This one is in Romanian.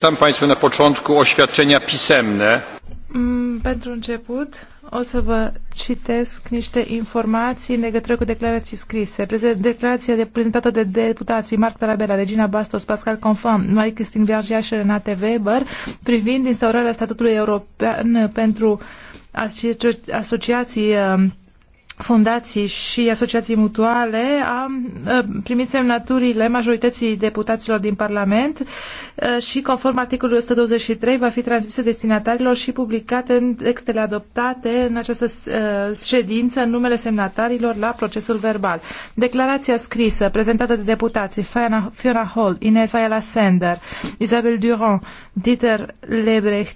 Dam Państwu na początku oświadczenia pisemne. Mm, pentru început o să vă citesc niște informații în legătură cu declarații scrise. Declarația prezentată de deputații Marc Tarabella, Regina Bastos, Pascal Confam, Marie christine Vergea și Renate Weber privind instaurarea statutului european pentru asociații um, fundații și asociații mutuale a uh, primit semnăturile majorității deputaților din Parlament uh, și conform articolului 123 va fi transmisă destinatarilor și publicată în textele adoptate în această uh, ședință în numele semnatarilor la procesul verbal. Declarația scrisă prezentată de deputații Fiona Hall, Ines Ayala Sender, Isabel Durand, Dieter Lebrecht,